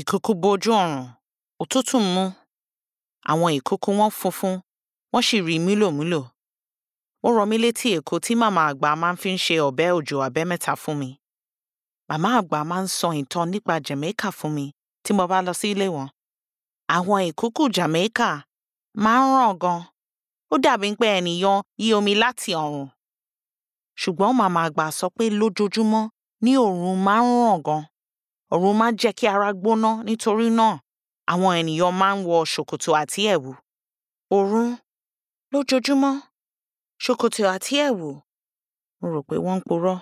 ìkùukù bo ojú ọrun òtútù mú àwọn ìkùukù wọn funfun wọn sì rí múlòmúlò ó rọ mí létí èkó tí màmá àgbà máa ń fi ṣe ọbẹ òjò abẹ mẹ́ta fún mi màmá àgbà máa ń sọ ìtàn nípa jamaica fún mi tí mo bá lọ sí ilé wọn àwọn ìkùukù jamaica máa ń ràn gan ó dàbí pé ẹnìyàn yí omi láti ọ̀run ṣùgbọ́n màmá àgbà sọ pé lójoojúmọ́ ní òòrùn máa ń ràn gan Òru máa ń jẹ́ kí ara gbóná nítorí náà àwọn ènìyàn máa ń wọ ṣòkòtò àti ẹ̀wù. Òru lójoojúmọ́, ṣòkòtò àti ẹ̀wù. Mo rò pé wọ́n ń purọ́.